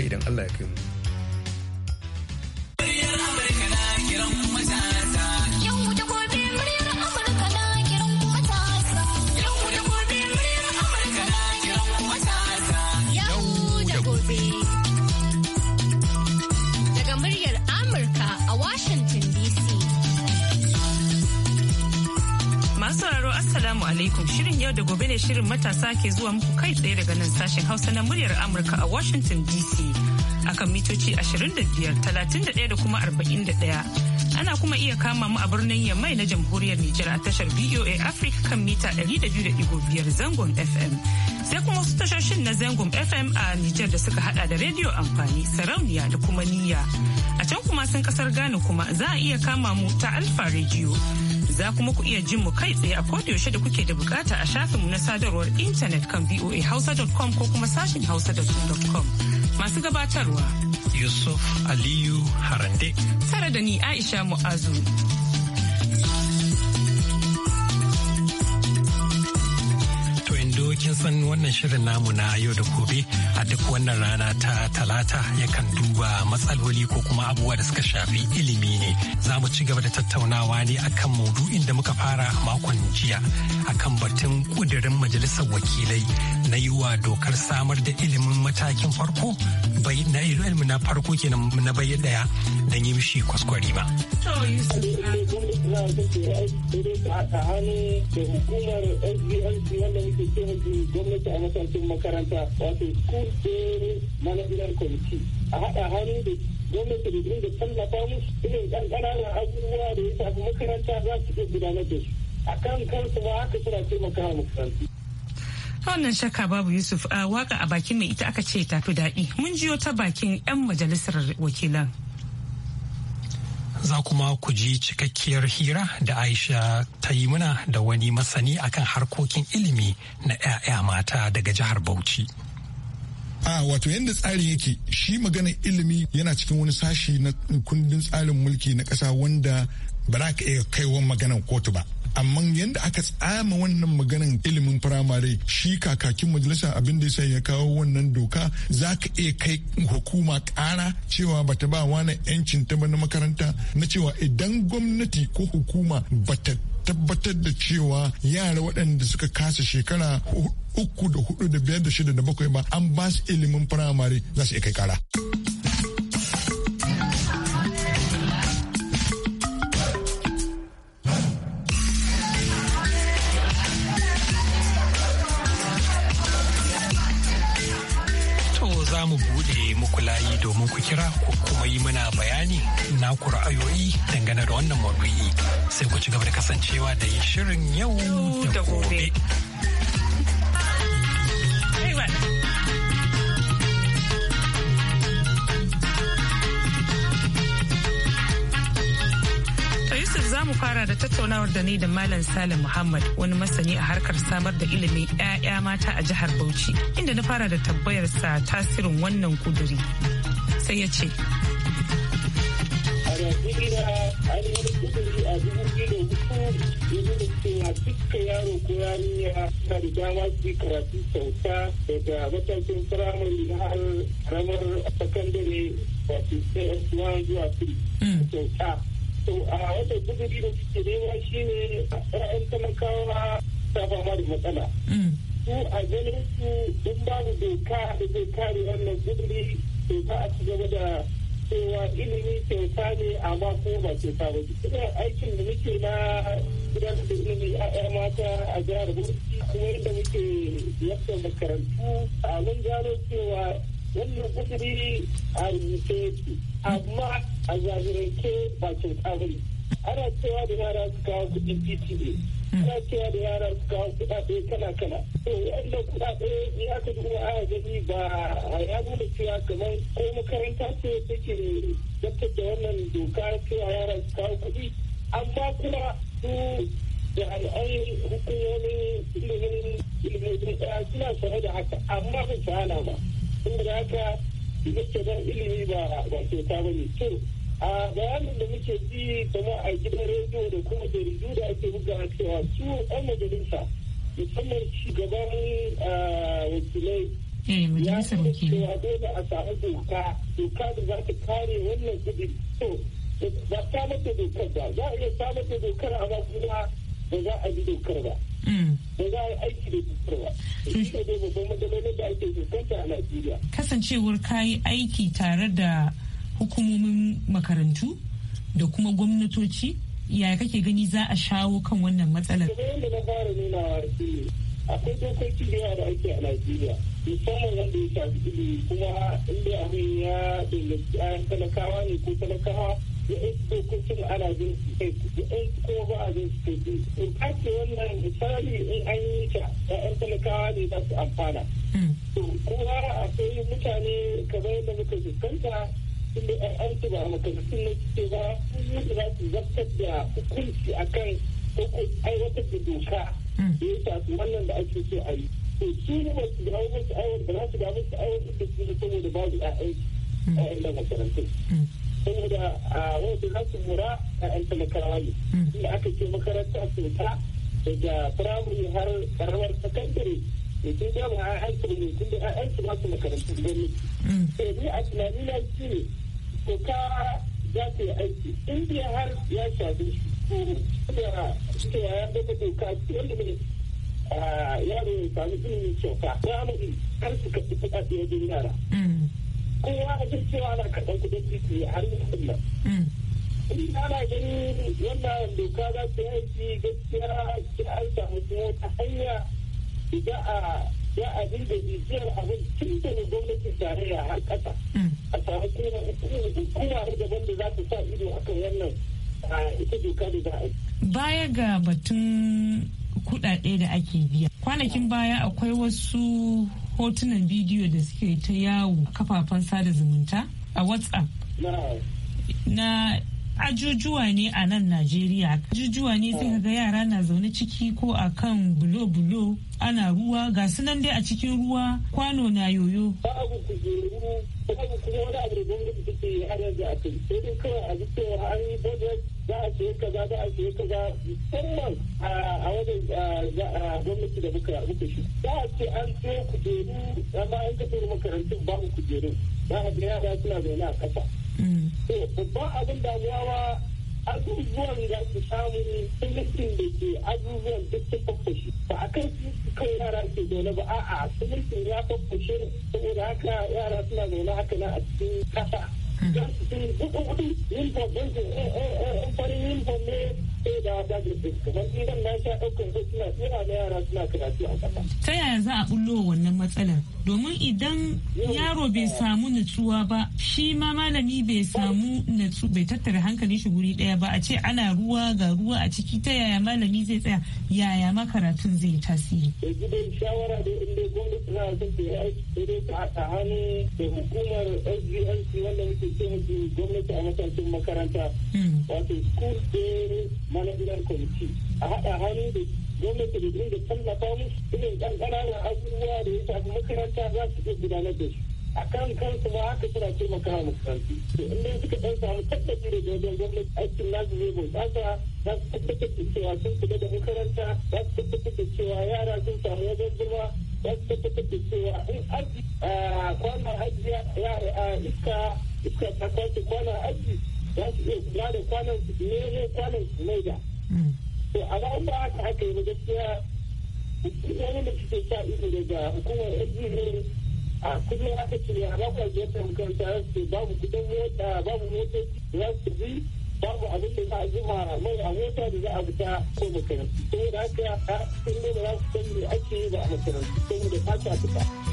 idan Allah ya kai mu. yau da gobe ne shirin matasa ke zuwa muku kai tsaye daga nan sashen Hausa na muryar Amurka a Washington DC akan mitoci 25, da kuma 41. ana kuma iya kama mu a birnin Yamai na jamhuriyar Nijar a tashar BOA Africa kan mita 200.5 zangon FM. Sai kuma wasu tashoshin na zangon FM a Nijar da suka hada da rediyo amfani sarauniya da kuma niyya. A can kuma sun kasar gane kuma za a iya kama mu ta Alfa rediyo. Za kuma ku iya jin mu kai tsaye a yaushe da kuke da bukata a shafinmu na sadarwar intanet kan voahausa.com ko kuma sashin hausa.com. Masu gabatarwa. Yusuf Aliyu Harande. Tare da ni Aisha Mu'azu. kin san wannan shirin namu na yau da gobe a duk wannan rana ta talata yakan duba matsaloli ko kuma abubuwa da suka shafi ilimi ne za mu ci gaba da tattaunawa ne akan maudu'in da muka fara makon jiya akan batun kudirin majalisar wakilai na yiwa dokar samar da ilimin matakin farko bai na ilmu na farko kenan na bai daya da yi mishi kwaskwari ba gwamnati haɗa hannu da gwamnati da tallafa musu irin ɗan abubuwa da ya tafi makaranta za su iya gudanar da su a kan kansu ma haka suna taimaka wa makarantu wannan shakka babu yusuf a ah, waka a bakin mai ita aka ce ta fi daɗi mun jiyo ta bakin 'yan majalisar wakilan za kuma ku ji cikakkiyar hira da aisha ta yi muna da wani masani akan harkokin ilimi na 'ya'ya mata daga jihar bauchi a ah, wato yadda tsari yake shi maganar ilimi yana cikin wani sashi na kundin tsarin mulki na ƙasa wanda ba za ka iya kaiwa maganar kotu ba amma yadda aka tsama wannan maganan ilimin firamare shi kakakin majalisa abin da ya kawo wannan doka za ka iya kai hukuma kara cewa bata ba wani 'yancin ta na makaranta na cewa idan gwamnati ko hukuma bata tabbatar da cewa yara waɗanda suka kasa shekara uku da hudu da biyar da shida da bakwai ba an ba su ilimin firamare za su iya kai kara. kira ku kuma yi mana bayani na ku ra'ayoyi dangane da wannan maudu'i sai ku ci gaba da kasancewa da yin shirin yau da gobe. Yusuf za mu fara da tattaunawar da ni da Malam Salim Muhammad wani masani a harkar samar da ilimin 'ya'ya mata a jihar Bauchi inda na fara da tambayarsa tasirin wannan kuduri. sai ya ce duka yaro ko yarinya suna da dama mm. su karatu kyauta daga matakin mm. firamare na har ramar sakandare wato cs1 zuwa 3 kyauta to a wata guduri da suke nema shi ne ra'ayin talakawa ta fama da matsala su a ganin su in babu doka da zai kare wannan guduri za a ci gaba da cewa ilimi kyauta ne amma ko ba kyauta ba ina aikin da muke na gudanar da ilimi a yar mata a jihar bauchi kuma yadda muke yadda makarantu a mun gano cewa wannan kudiri a rubuce amma a zahirance ba kyauta ba ne ana cewa da yara su kawo kuɗin pta ana cewa da yara su kawo kuɗaɗe kala kala to wanda kudade ya aka duba a gani ba ya nuna cewa kamar ko makaranta ce take zartar da wannan doka cewa yara su kawo kuɗi amma kuma su da al'ayin hukumomin ilimin ilimin eh, suna sanar da haka amma ba su hana ba saboda haka da ilimi ba ba kyauta ba ne to a bayanin da muke ji kuma a gidan rediyo da kuma jaridu da ake buga a cewa su yan majalisa musamman shugaban wakilai eh, ya san cewa dole a samu doka doka da za ta kare wannan kudi so ba samar da dokar ba za a iya samar da dokar amma kuma ba za a bi dokar ba hmm. ba za a yi aiki da dokar ba shi ne babban matsalolin da ake fuskanta a najeriya kasancewar kayi aiki tare da hukumomin makarantu da kuma gwamnatoci yaya kake gani za a shawo kan wannan matsalar akwai dokoki da yawa da ake a Najeriya musamman wanda ya shafi ilimi kuma inda abin ya danganci ayan talakawa ne ko talakawa ya yi dokokin ana jin su kai kuma ba a jin su kai in kace wannan misali in an yi ta ƴaƴan talakawa ne za su amfana. Hmm. kuma akwai mutane kamar yadda muka fuskanta sun da yan an ba makarantu na ce ba za su zartar da hukunci a kan ko aiwatar da doka da hmm. ya shafi wannan da ake so a yi to su ne ba su dawo musu aiwatar da za su dawo musu aiwatar da su saboda babu ƴaƴan ƴaƴan da makarantu hmm. saboda a wanda za su mura ƴaƴan talakawa ne hmm. inda aka ce makaranta kyauta daga firamare har karamar sakandare da ke dama ƴaƴan su ne tunda ƴaƴan su ba makarantu gwamnati. Sai eh, ni a tunanina shi ne doka za ta yi aiki indiya har ya shafi da suke yayar daga doka wanda mai yaro ya sami ilimin kyauta ya mu har su kaɗi kuɗaɗe wajen yara kowa a jin cewa ana kaɗan kuɗin titi har yi kullum in ana ganin wannan doka za ta yi aiki gaskiya sai an samu kuma wata hanya idan a ya abin da bibiyar abin tun da daga gwamnatin tarayya har kasa mm. a samu kuma hukuma daban da za ta sa ido akan wannan ita doka da za a yi. Baya ga batun kuɗaɗe da ake biya. Kwanakin baya akwai wasu hotunan bidiyo da suke ta yawo kafafen sada zumunta a WhatsApp. Na ajujuwa ne a nan Najeriya. Ajujuwa ne sai ga yara na zaune ciki ko a kan bulo-bulo ana ruwa ga sunan dai a cikin ruwa kwano na yoyo. Babu kujeru, babu kuma wani abu da gwamnati take yi har yanzu a kai. Sai kawai a zuciya an yi budget za a siye kaza za a siye kaza musamman a wajen gwamnati da muka muka shi. Za a ce an siyo kujeru amma an kafa makarantun babu kujeru. ba a ga yara suna zaune a kasa. To babban abin damuwa ba abubuwan da su samu simintin da ke abubuwan duk sun fafashe ba a kan kan yara ke zaune ba a'a simintin ya fafashe saboda haka yara suna zaune haka na a cikin kasa. Za su sun duk kudin yin farin yin ne sai da da kamar idan na sha ɗaukan su suna tsira na yara suna karatu a ƙasa. Ta yaya za a bullo wannan matsalar? Domin idan yaro bai samu nutsuwa ba, shi ma malami bai samu natsu bai tattara hankali shi guri ɗaya ba a ce ana ruwa ga ruwa a ciki ta yaya malami zai tsaya yaya makaratun zai tasiri. Gidan shawara da inda gwamnati na son ta yi aiki sai dai ta haɗa hannu da hukumar SGNC wanda muke ce musu gwamnati a matakin makaranta. Wato school day management kwanci a haɗa hannu da gwamnati da dinga tallafa musu irin ɗan ƙananan abubuwa da ya shafi makaranta za su iya gudanar da su a kan kansu ma haka suna taimakawa makarantu to in dai suka ɗan samu tabbaci da wajen gwamnati aikin nasu zai bunƙasa za su tabbatar da cewa sun kula da makaranta za su tabbatar da cewa yara sun samu wajen zama za su tabbatar da cewa in aji ah, kwanan ajiya ya ah, iska iska ta kwace kwanan aji za su iya kula da kwanan su nemo kwanan su mai da hmm. to a ba ba haka haka yi gaskiya wani da suke sa ido daga hukumar NGA a kullum aka ce a bakwai jiyar makaranta za su babu kudin mota babu motoci za su bi babu abin da za a zuba mai a mota da za a fita ko makarantu saboda haka sun nuna za su san me ake yi ba a makarantu saboda fata fita.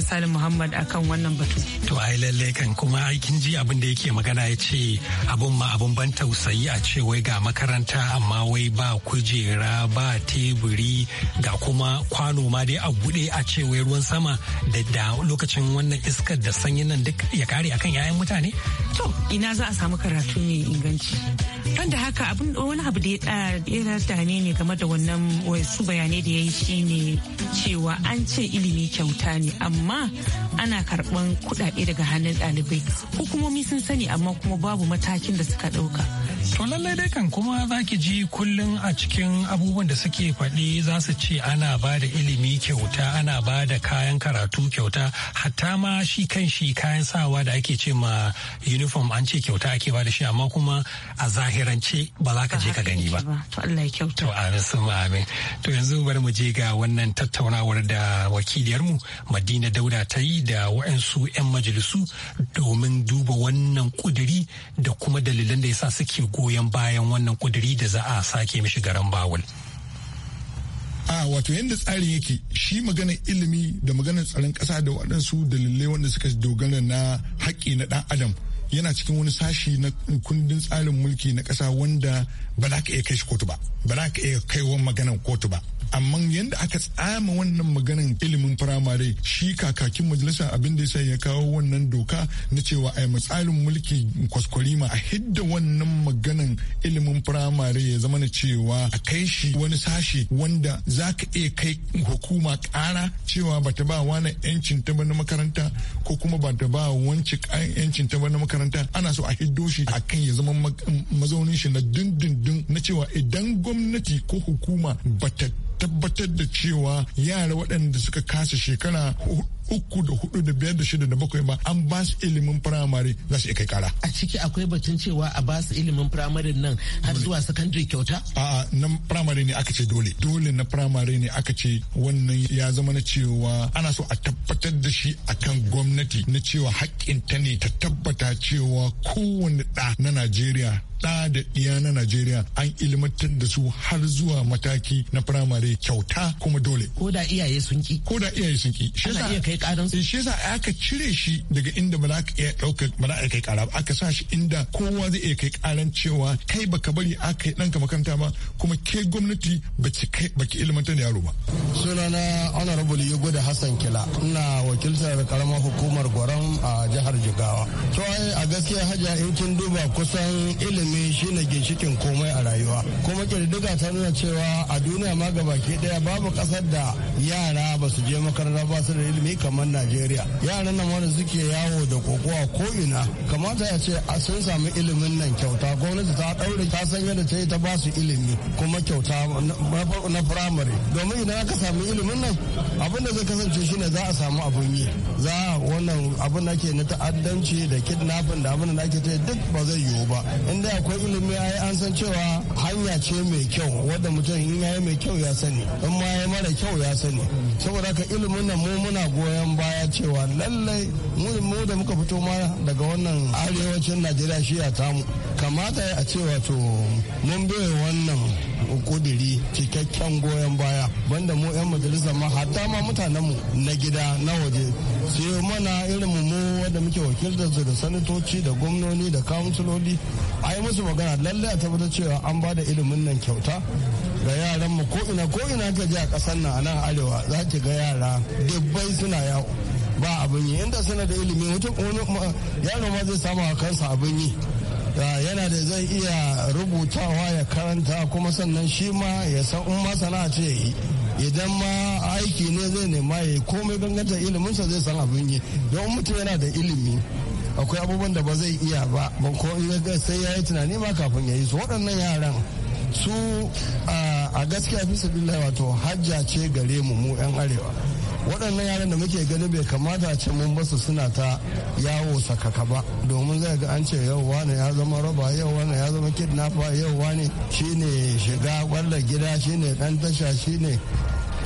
Malam Salim Muhammad akan wannan batu. To ai lalle kan kuma aikin ji abin da yake magana ya ce abun ma abun ban tausayi a ce wai ga makaranta amma wai ba kujera ba teburi ga kuma kwano ma dai a bude a ce wai ruwan sama da da lokacin wannan iskar da sanyi nan duk ya kare akan 'ya'yan mutane. To ina za a samu karatu mai inganci. wanda haka abin wani abu da ya da ne game da wannan wasu bayanai da ya yi shi ne cewa an ce ilimi kyauta ne amma ana karban kudade daga hannun ɗalibai hukumomi sun sani amma kuma babu matakin da suka ɗauka To lallai dai kan kuma za ki ji kullum a cikin abubuwan da suke faɗi za su ce ana ba da ilimi kyauta ana ba da kayan karatu kyauta hatta ma shi kan shi kayan sawa da ake ce ma uniform an ce kyauta ake ba da shi amma kuma a zahiri zahirance ba za ka je ka gani ba. To Allah ya kyauta. amin To yanzu bari mu je ga wannan tattaunawar da wakiliyarmu Madina Dauda ta yi da waansu 'yan majalisu domin duba wannan kuduri da kuma dalilan da ya sa suke goyon bayan wannan kuduri da za a sake mishi garan bawul. a wato yadda tsarin yake shi maganar ilimi da maganar tsaron ƙasa da waɗansu dalilai wanda suka dogara na haƙƙi na ɗan adam yana cikin wani sashi na kundin tsarin mulki na ƙasa wanda ba za ka iya kai shi kotu ba ba za ka iya kaiwa maganan kotu ba amma yadda aka tsama wannan maganin ilimin firamare shi kakakin majalisar abin da ya kawo wannan doka na cewa a tsarin mulki kwaskwarima a hidda wannan maganan ilimin firamare ya zama na cewa a kai shi wani sashe wanda za ka iya kai hukuma kara cewa ba ta ba wani yancin ta na makaranta ko kuma ba ta ba wanci yancin ta na makaranta ana so a hiddo shi a kan ya zama mazaunin shi na dindindin na cewa idan gwamnati ko hukuma ba ta tabbatar da cewa yara waɗanda suka kasa shekara uku da hudu da biyar da shida da bakwai ba an ba su ilimin firamare za su kai kara. A ciki akwai batun cewa a ba su ilimin firamare nan har zuwa sakandare kyauta? A na firamare ne aka ce dole. Dole na firamare ne aka ce wannan ya zama na cewa ana so a tabbatar da shi a kan gwamnati na cewa haƙƙinta ne ta tabbata cewa kowane ɗa na Najeriya ɗa da ɗiya na Najeriya an ilmantar da su har zuwa mataki na firamare kyauta kuma dole. Ko da iyaye sun ki. Ko da iyaye sun ki. Ana iya kai ƙaran su. Eh, shi aka cire shi daga inda ba za ka iya ɗaukar ba za a kai ƙara ba aka sa shi inda kowa zai iya kai karan cewa kai baka bari aka yi ɗanka makaranta ba kuma ke gwamnati ba ki ilmantar da yaro ba. Sunana Honorable Yugo da Hassan Kila ina wakiltar karamar hukumar Gwaram a jihar Jigawa. To a gaskiya hajiya in kin duba kusan ilimin ilimi shine ginshikin komai a rayuwa kuma kirdiga ta nuna cewa a duniya ma baki ɗaya babu kasar da yara ba su je makaranta ba su da ilimi kamar najeriya yaran nan wanda suke yawo da kokowa ko ina kamata ya ce a sun samu ilimin nan kyauta gwamnati ta ɗaure ta san yadda ta yi ta ba su ilimi kuma kyauta na firamare domin idan aka samu ilimin nan abin da zai kasance shine za a samu abin yi za a wannan abin da ke na ta'addanci da kidnapping da abin da ake ta duk ba zai yiwu ba inda akwai ilimi ya yi an san cewa hanya ce mai kyau wadda mutum in ya yi mai kyau ya sani in ma ya mara kyau ya sani saboda ka ilimin nan mu muna goyon baya cewa lallai mu da muka fito ma daga wannan arewacin najeriya shi ya tamu kamata a ce wato mun bai wannan kudiri cikakken goyon baya banda mu 'yan majalisar ma hatta ma mutanenmu na gida na waje su yi mana irin mu wanda muke wakiltar su da sanatoci da gwamnoni da kansuloli a yi musu magana lalle a tabbatar cewa an ba da ilimin nan kyauta ga yaran mu ko ina ko ina ka je a ƙasar nan a nan arewa za ki ga yara dubbai suna yawo ba abin yi inda suna da ilimi wani yaro ma zai samu a kansa abin yi yana da zai iya rubutawa ya karanta kuma sannan shi ma ya san in masana ce idan ma aiki ne zai nema ya yi komai danganta iliminsa zai san abin yi don mutum yana da ilimi akwai abubuwan da ba zai iya ba ban ko sai ya yi tunani ma kafin ya yi su waɗannan yaran su a gaskiya fi sabi wato hajja ce gare mu mu 'yan arewa waɗannan yaran da muke gani bai kamata a ce mun basu suna ta yawo sakaka ba domin zai ga an ce yau wani ya zama roba yau wani ya zama kidnapper yau wani shine shiga ƙwallar gida shine ɗan tasha shine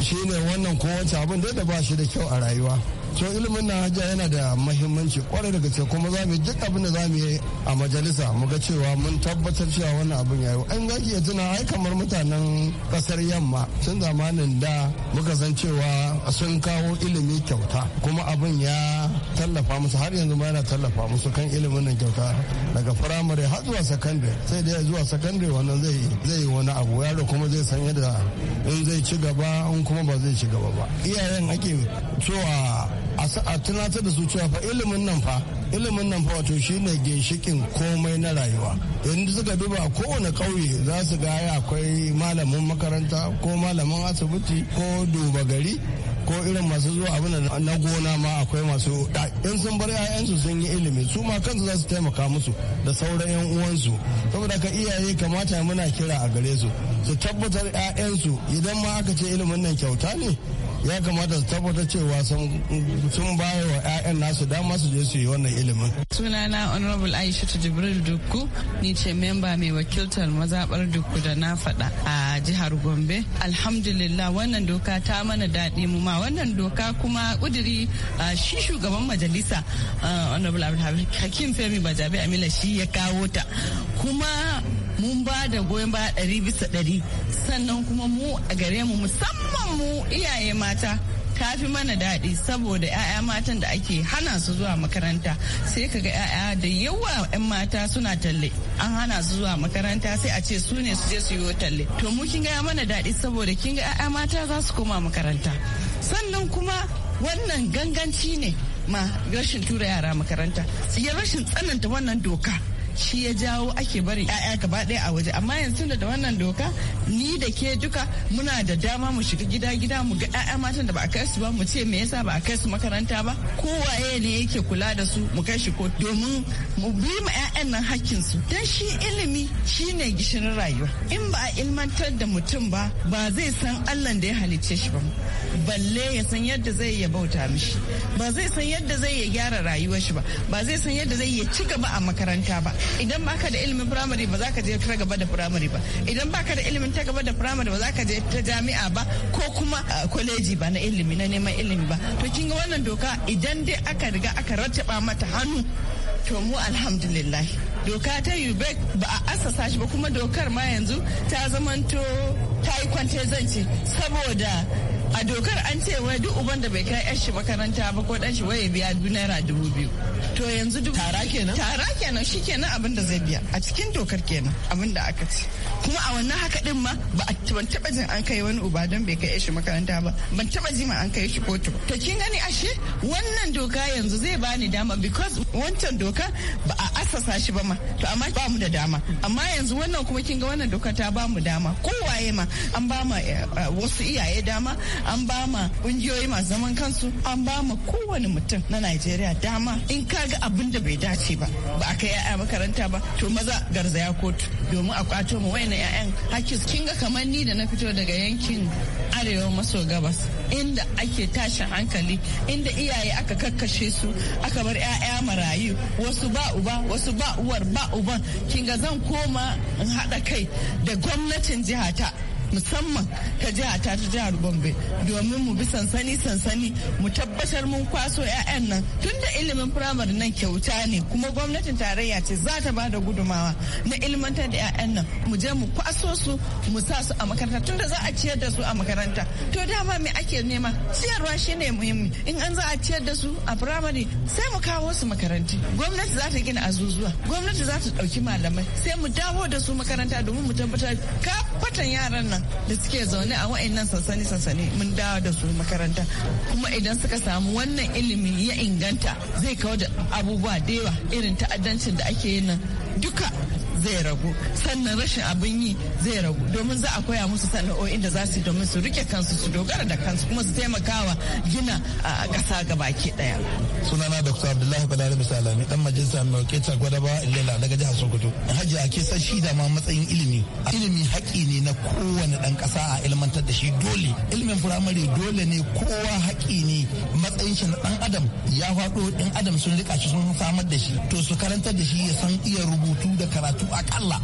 shine wannan kowace abin da ba shi da kyau a rayuwa to ilimin na haja yana da mahimmanci kwarai da gaske kuma za mu duk abin da za mu yi a majalisa mu ga cewa mun tabbatar cewa wannan abin yayi an zaki ya tuna ai kamar mutanen kasar yamma tun zamanin da muka san cewa sun kawo ilimi kyauta kuma abin ya tallafa musu har yanzu ma yana tallafa musu kan ilimin nan kyauta daga firamare har zuwa sakandare sai dai zuwa sakandare wannan zai zai yi wani abu yaro kuma zai san yadda in zai ci gaba in kuma ba zai ci gaba ba iyayen ake cewa a tunatar da su cewa fa ilimin nan fa ilimin nan fa wato shine ginshikin komai na rayuwa yanzu suka duba kowane ƙauye za su ga akwai malamin makaranta ko malamin asibiti ko duba gari ko irin masu zuwa abin na gona ma akwai masu in sun bar 'ya'yansu sun yi ilimi su ma kansu za su taimaka musu da sauran 'yan uwansu saboda ka iyaye kamata muna kira a gare su su tabbatar 'ya'yansu idan ma aka ce ilimin nan kyauta ne ya kamata su tabbata cewa sun ba wa 'ya'yan nasu dama su je su yi wannan ilimin. sunana honorable aisha jibril dukku ni ce memba mai wakiltar mazabar dukku da na faɗa a jihar gombe alhamdulillah wannan doka ta mana daɗi mu ma wannan doka kuma kuduri shi shugaban majalisa honorable hakim femi bajabe amila shi ya kawo ta kuma mun ba da goyon baya ɗari bisa ɗari sannan kuma mu a gare mu musamman mu iyaye mata ta fi mana daɗi saboda 'ya'ya matan da ake hana su zuwa makaranta sai kaga 'ya'ya da yawa 'yan mata suna talle an hana su zuwa makaranta sai a ce su ne su je su yi talle to mu kin ga mana daɗi saboda kin ga 'ya'ya mata za su koma makaranta sannan kuma wannan ganganci ne ma rashin tura yara makaranta ya rashin tsananta wannan doka shi ya jawo ake barin 'ya'ya gaba ɗaya a waje amma yanzu da wannan doka ni da ke duka muna da dama mu shiga gida gida mu ga 'ya'ya matan da ba a kai su ba mu ce me yasa ba a kai su makaranta ba ko waye ne yake kula da su mu kai shi ko domin mu bi mu 'ya'yan nan hakkin su dan shi ilimi shine gishirin rayuwa in ba a ilmantar da mutum ba ba zai san Allah da ya halicce shi ba balle ya san yadda zai ya bauta mishi ba zai san yadda zai ya gyara rayuwar shi ba ba zai san yadda zai ya ci gaba a makaranta ba idan baka da ilimin firamare ba za ka je ta gaba da firamare ba idan baka da ilimin ta gaba da firamare ba za ka je ta jami'a ba ko kuma kwaleji ba na ilimi na neman ilimi ba to kin ga wannan doka idan dai aka riga aka rattaba mata hannu to mu alhamdulillah doka ta ubec ba a asasa shi ba kuma dokar ma yanzu ta zamanto ta yi kwance zance saboda a dokar an ce wai duk uban da bai kai yan shi makaranta ba ko dan shi waye biya naira dubu biyu to yanzu duk tara kenan tara kenan shi kenan abin da zai biya a cikin dokar kenan abin da aka ce kuma a wannan haka din ma ba ban taba jin an kai wani uba don bai kai shi makaranta ba ban taba ji ma an kai shi kotu to kin gani ashe wannan doka yanzu zai bani dama because wancan doka ba a asasa shi ba ma to amma ba mu da dama amma yanzu wannan kuma kin ga wannan doka ta ba mu dama kowaye ma an ba ma eh, wasu iyaye dama an ba ma kungiyoyi masu zaman kansu an ba ma kowane mutum na Najeriya dama in ka ga abin da bai dace ba ba aka yi yaya makaranta ba to maza garzaya kotu domin a kwato mu wayannan ƴaƴan hakis kin ga kamar ni da na fito daga yankin arewa maso gabas inda ake tashin hankali inda iyaye aka kakkashe su aka bar ƴaƴa marayu wasu ba uba wasu ba uwar ba uban kin ga zan koma in haɗa kai da gwamnatin jihata musamman ta jiha ta ta jihar Gombe domin mu bi sansani sansani mu tabbatar mun kwaso 'ya'yan nan tunda ilimin firamare nan kyauta ne kuma gwamnatin tarayya ce za ta bada gudumawa na ilmantar da 'ya'yan nan mu je mu kwaso su mu sa su a makaranta tunda za a ciyar da su a makaranta to dama me ake nema ciyarwa shine muhimmi in an za a ciyar da su a firamare sai mu kawo su makaranti gwamnati za ta gina azuzuwa gwamnati za ta ɗauki malamai sai mu dawo da su makaranta domin mu tabbatar kafatan yaran nan da suke zaune a wa'annan sansani sansani mun dawo da su makaranta kuma idan suka samu wannan ilimi ya inganta zai kawo da abubuwa da yawa irin ta'addancin da ake yin nan duka zai ragu sannan rashin abin yi zai ragu domin za a koya musu sana'o'in da za su domin su rike kansu su dogara da kansu kuma su taimakawa gina a ƙasa gabaki ɗaya. sunana dr abdullahi balari ne dan majalisa mai ba gwadaba ilela daga jihar sokoto hajji a san shi da ma matsayin ilimi ilimi haƙƙi ne na kowane ɗan ƙasa a ilmantar da shi dole ilimin firamare dole ne kowa haƙƙi ne matsayin shi na ɗan adam ya faɗo ɗan adam sun rika shi sun samar da shi to su karantar da shi ya san iya rubutu da karatu akalla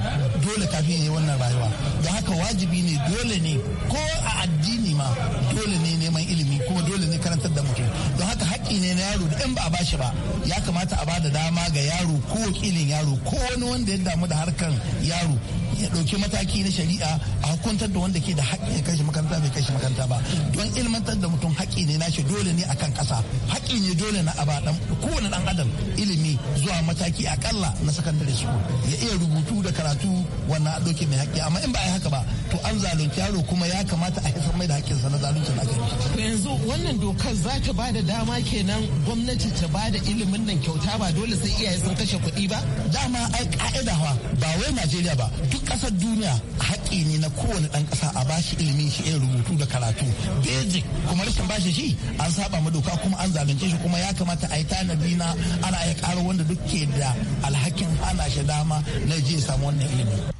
dole kafin yi wannan rayuwa da haka wajibi ne dole ne ko a addini ma dole ne neman ilimi kuma dole ne karantar da mutum don haka haƙƙi ne na yaro da in ba a bashi ba ya kamata a bada dama ga yaro ko wakilin yaro ko wani wanda ya damu da harkan yaro ya ɗauki mataki na shari'a a hukuntar da wanda ke da haƙƙi ya kashe makaranta bai kashe makaranta ba don ilmantar da mutum haƙƙi ne na shi dole ne akan ƙasa haƙƙi ne dole na a ba kowane ɗan adam ilimi zuwa mataki akalla na sakandare school ya iya rubutu da karatu wannan a mai haƙƙi amma in ba a yi haka ba to an zalunci yaro kuma ya kamata a haifar mai da haƙƙinsa na zalunci na aka yanzu wannan dokar za ta ba da dama kenan gwamnati ta ba da ilimin nan kyauta ba dole sai iyaye sun kashe kuɗi ba. dama ai ka'ida ba wai najeriya ba duk ƙasar duniya haƙƙi ne na kowane ɗan ƙasa a bashi ilimi shi irin rubutu da karatu basic kuma rashin bashi shi an saba ma doka kuma an zalunce shi kuma ya kamata a yi tanadi na ana iya ƙara wanda duk ke da alhakin hana shi dama na je samu wannan ilimi.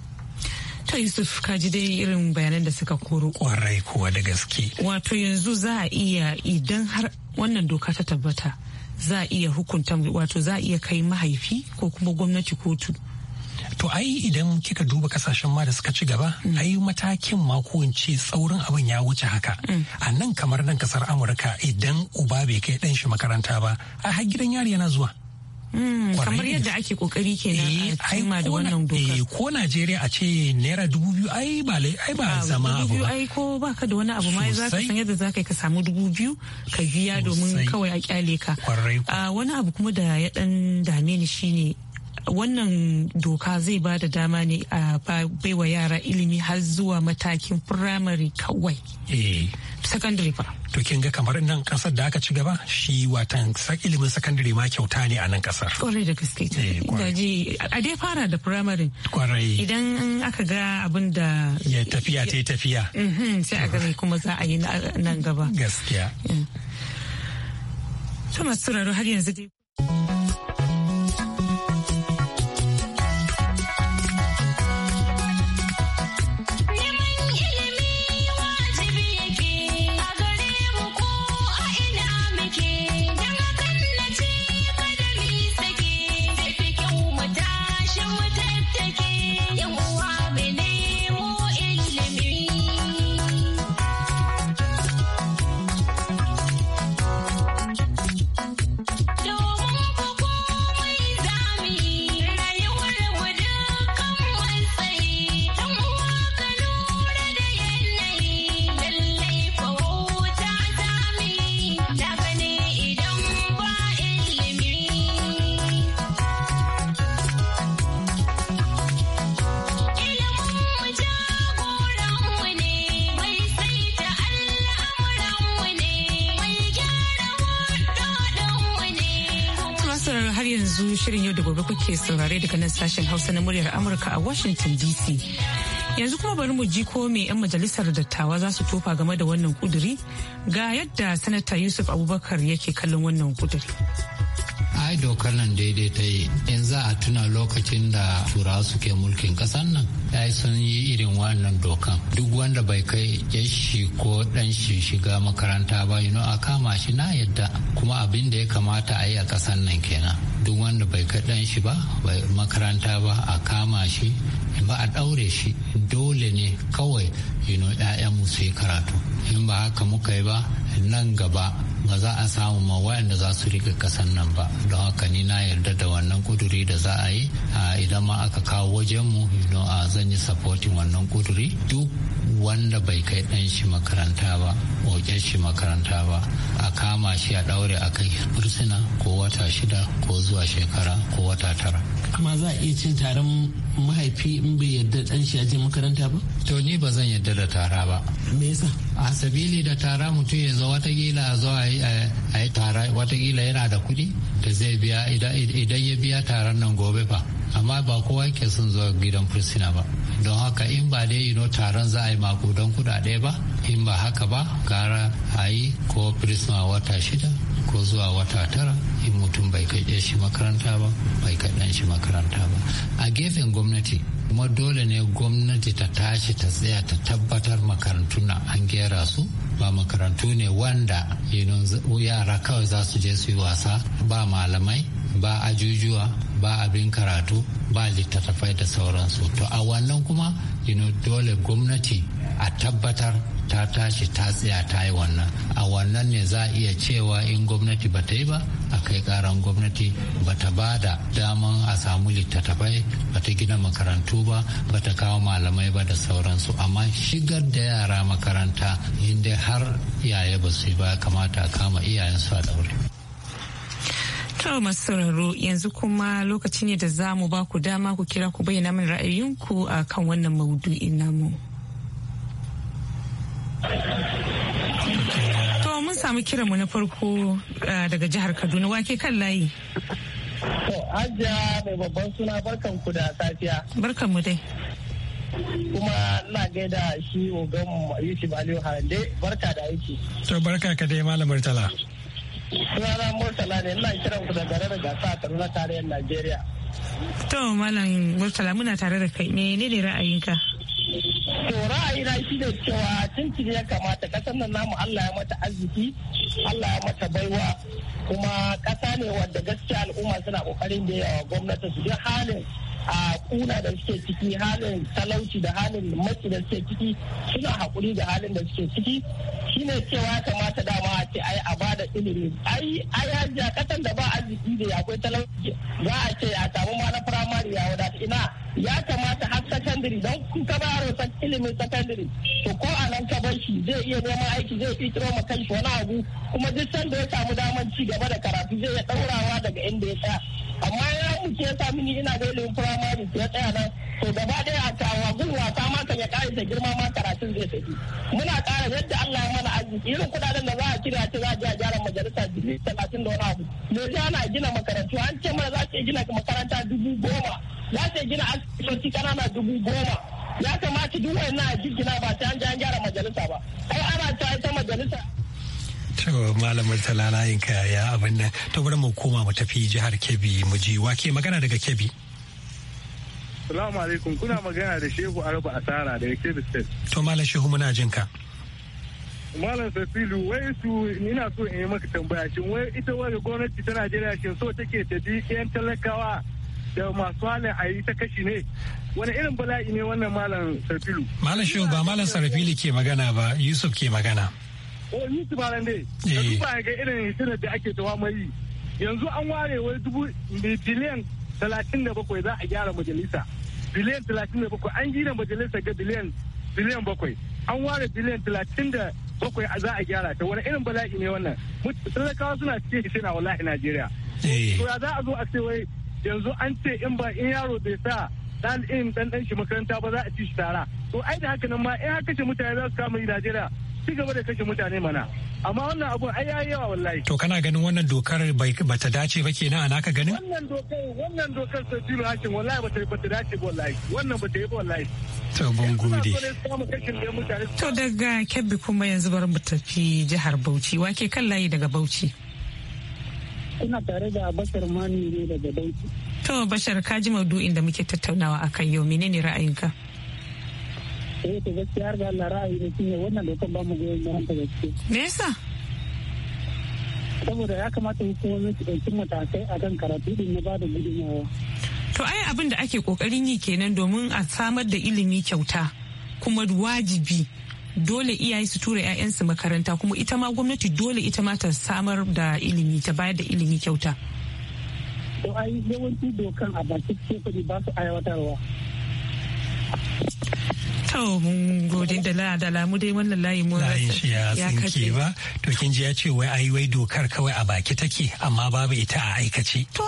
Dokta Yusuf kaji dai irin bayanan da suka koro. Kwarai kuwa da gaske. Wato yanzu za a iya idan har wannan doka ta tabbata za a iya hukunta wato za a iya kai mahaifi ko kuma gwamnati kotu. To ai idan kika duba kasashen ma da suka ci gaba, mm. ai matakin ma ce tsaurin abin ya wuce haka. Mm. A nan kamar nan kasar Amurka idan uba bai kai ɗan shi makaranta ba, a har gidan yari yana zuwa. Hmm, kamar yadda ake kokari kenan a eh, cimma da wannan dokar eh, ko Najeriya a ce naira dubu biyu ai ba ai ba zama abu ba ai ko baka da wani abu ma za ka san yadda za ka samu dubu biyu ka biya domin kawai a kyale ka ah, wani abu kuma da ya dan dame ni shine wannan doka zai ba da dama ne a baiwa yara ilimi har zuwa matakin firamare kawai eh. secondary ba to kin ga kamar nan kasar da aka ci gaba shi watan ilimin secondary ma kyauta ne a nan kasar kwarai da gaske da eh, a dai fara da firamare kwarai idan aka ga abin da ya tafiya ta yi tafiya mhm, sai a gani kuma za a yi nan gaba gaskiya eh. har yanzu dai yanzu shirin yau da gobe kuke saurare daga nan sashen Hausa na muryar Amurka a Washington DC. Yanzu kuma bari mu ji ko me 'yan majalisar dattawa za su tofa game da wannan kuduri ga yadda sanata Yusuf Abubakar yake kallon wannan kuduri. ai dokar nan daidai ta yi in za a tuna lokacin da turawa suke mulkin kasan nan yi sun yi irin wannan dokan duk wanda bai kai ya shi ko dan shi shiga makaranta ba yi a kama shi na yadda kuma abin da ya kamata a yi a kasan nan kenan duk wanda bai kaɗan shi ba bai makaranta ba a kama shi ba a ɗaure shi dole ne kawai no 'yayan musu yi karatu in ba haka muka yi ba nan gaba ba za a samu ma wayanda za su riƙe ƙasan nan ba don haka ni na yarda da wannan kuduri da za a yi idan ma aka kawo wajenmu a zan yi supporting wannan kuduri duk wanda bai kai ɗan shi makaranta ba oƙen shi makaranta ba a kama shi a daure a kai ko wata shida ko zuwa shekara ko wata tara kuma za a iya cin taron mahaifi in bai yarda dan shi je makaranta ba to ni ba zan yarda da tara ba me yasa a sabili da tara mutum ya zo watakila gila zo a yi tara gila yana da kuɗi da zai biya idan ya biya taron nan gobe ba amma ba kowa ke son zuwa gidan fursina ba don haka in ba dai ino taron za a yi mako makudan kudade ba in ba haka ba gara a yi ko fursina wata shida ko zuwa wata tara in mutum bai kai shi makaranta ba bai kai ɗan shi makaranta ba a gefen gwamnati kuma dole ne gwamnati ta tashi ta tsaya ta tabbatar makarantu na an gera su ba makarantu ne wanda yara kawai za su je su yi wasa ba malamai ba ajujuwa ba abin karatu ba littattafai da sauransu to a wannan kuma ino dole gwamnati a tabbatar ta tashi ta tsaya ta yi wannan a wannan ne za a iya cewa in gwamnati ba ta yi ba kai karan gwamnati ba ta ba da daman a samu littattafai ba ta gina makarantu ba ta kawo malamai ba da sauransu amma shigar da yara makaranta inda har iyaye ba su ba kamata a kama iyayensu a daure. To masu sauraro yanzu kuma lokaci ne da za mu ba ku dama ku kira ku bayyana min ra'ayinku a kan wannan maudu'in namu. samu kiranmu na farko daga jihar Kaduna wake kan layi. Hajiya mai babban suna barkan ku da safiya. Barkan mu dai. Kuma ina gaida shi ogan Yusuf Aliyu Harande barka da aiki. To barka ka dai Malam Murtala. Sunana Murtala ne ina kiran ku da garin gasa a Kaduna tarayyar Najeriya. To Malam Murtala muna tare da kai ne ne ra'ayinka? To ra'ayina shi ne cewa tuntuni ya kamata kasar nan namu Allah ya mata arziki, Allah ya mata baiwa kuma kasa ne wadda gaskiya al'umma suna kokarin da yawa gwamnati su ji halin a kuna da suke ciki halin talauci da halin maki da suke ciki suna hakuri da halin da suke ciki shine cewa ya kamata dama a ce ai a bada ilimi ai ai hajiya kasan da ba arziki da akwai talauci za a ce a samu ma na firamare ya wadata ina ya kamata har secondary don kun ka baro ilimin secondary to ko a nan ka bar shi zai iya neman aiki zai kiro ma kai shi wani abu kuma duk sanda ya samu daman ci gaba da karatu zai ya daurawa daga inda ya tsaya amma ya muke ya samu ni ina da ilimin primary ya tsaya nan to gaba daya a tawa gun wasa ma kan ya kare da girma ma karatun zai tafi muna kara yadda Allah ya mana arziki irin kudaden da za a kira ta za a a gyara majalisa dubu talatin da wani abu ne ana gina makarantu an ce mana za a gina makaranta dubu goma ya ce gina asibiti kanana dubu goma ya kamata duk na jigina ba ta an gyara majalisa ba ai ana ta ta majalisa to malamar talala'inka ya abin nan to bari mu koma mu tafi jihar kebbi mu ji wake magana daga kebbi Salamu alaikum kuna magana da Shehu Arba Asara daga Kebbi State. To Malam Shehu muna jin ka. Malam Safilu wai su ina so in yi maka tambaya shin wai ita wani gwamnati ta Najeriya shin so take ta ji 'yan talakawa da masu halin a yi ta kashi ne wani irin bala'i ne wannan malam sarfilu malam shi ba malam sarfili ke magana ba yusuf ke magana o yusuf malam dai ka eh. duba ga irin hitinar da ake tawa mai yanzu an ware wai dubu biliyan talatin da bakwai za a gyara majalisa biliyan talatin da bakwai an gina majalisa ga biliyan biliyan bakwai an ware biliyan talatin da bakwai a za a gyara ta wani irin bala'i ne wannan talakawa suna cikin hitinar wallahi najeriya eh. to za a zo a ce wai yanzu an ce in ba in yaro bai sa dan in dan dan shi makaranta ba za a ci shi tara to ai da haka nan ma in haka kashe mutane za su kama yi Najeriya ci gaba da kashe mutane mana amma wannan abu ai yayi yawa wallahi to kana ganin wannan dokar bai bata dace ba kenan ana ka ganin wannan dokar wannan dokar sai jiro hakin wallahi bata bata dace ba wallahi wannan bata yi ba wallahi to ban gode to daga kebbi kuma yanzu bari mu tafi jihar Bauchi wake kan layi daga Bauchi kuna tare da Bashar Mani ne daga Bauchi. To Bashar ka ji maudu'in da muke tattaunawa a kan yau menene ra'ayinka? Eh to gaskiya ga Allah ra'ayi ne shine wannan kan ba mu goyon bayan ta gaske. Me yasa? Saboda ya kamata hukumomi su ɗauki matakai kan karatu din na bada gudunmawa. To ai abin da ake kokarin yi kenan domin a samar da ilimi kyauta kuma wajibi dole iyaye su tura 'ya'yansu makaranta kuma ita ma gwamnati dole ita ma ta samar da ilimi ta bayar da ilimi kyauta. To ai yawanci dokan a bakin kuɗi ba su aiwatarwa. To mun gode da da lamu dai wannan layi mun Layi shi ya tsinke ba to kin ji ya ce wai ai wai dokar kawai a baki take amma babu ita a aikace. To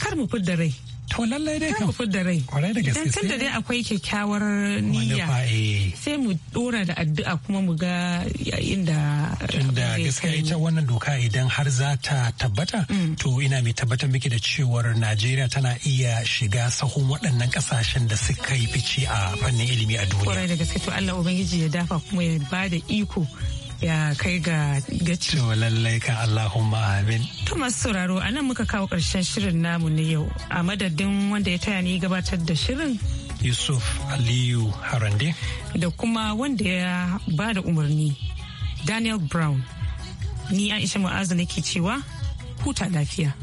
kar mu fidda rai To lallai dai kan. da rai. Kwarai da gaske. Dan da dai akwai kyakkyawar niyya. Eh. Sai mu dora da addu'a kuma mu ga inda. inda gaskiya ita wannan doka idan har za ta tabbata. Mm. To ina mai tabbatar miki da cewar Najeriya tana iya shiga sahun waɗannan ƙasashen da suka yi fice a fannin ilimi a duniya. Kwarai da gaske to Allah Ubangiji ya dafa kuma ya bada iko ya kai ga gaci. To lallai ka Allahumma amin. To masu sauraro a nan muka kawo ƙarshen shirin namu na yau a madadin wanda ya taya ni gabatar da shirin. Yusuf Aliyu Harande. Da kuma wanda ya ba da umarni Daniel Brown. Ni Aisha Mu'azu nake cewa huta lafiya.